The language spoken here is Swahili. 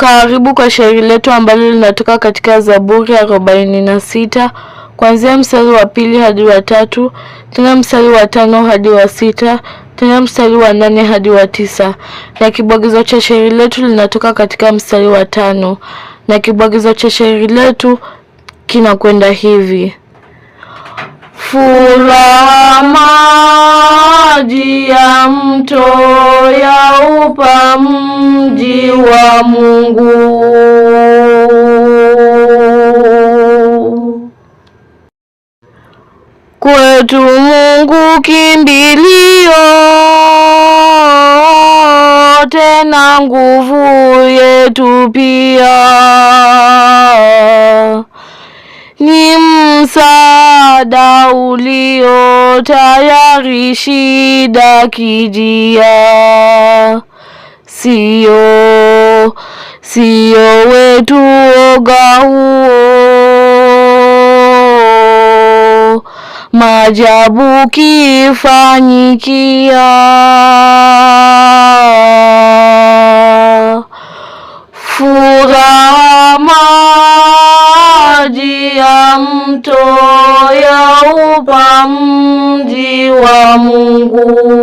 Karibu kwa shairi letu ambalo linatoka katika Zaburi arobaini na sita kuanzia mstari wa pili hadi wa tatu tena mstari wa tano hadi wa sita tena mstari wa nane hadi wa tisa na kibwagizo cha shairi letu linatoka katika mstari wa tano na kibwagizo cha shairi letu kinakwenda hivi: Furaha maji ya mto ya upamu wa Mungu. Kwetu Mungu kimbilio, tena nguvu yetu pia, ni msaada ulio tayari shida kijia, sio sio e wetu woga huo, majabu kifanyikia, furaha maji ya mto yaupa mji wa Mungu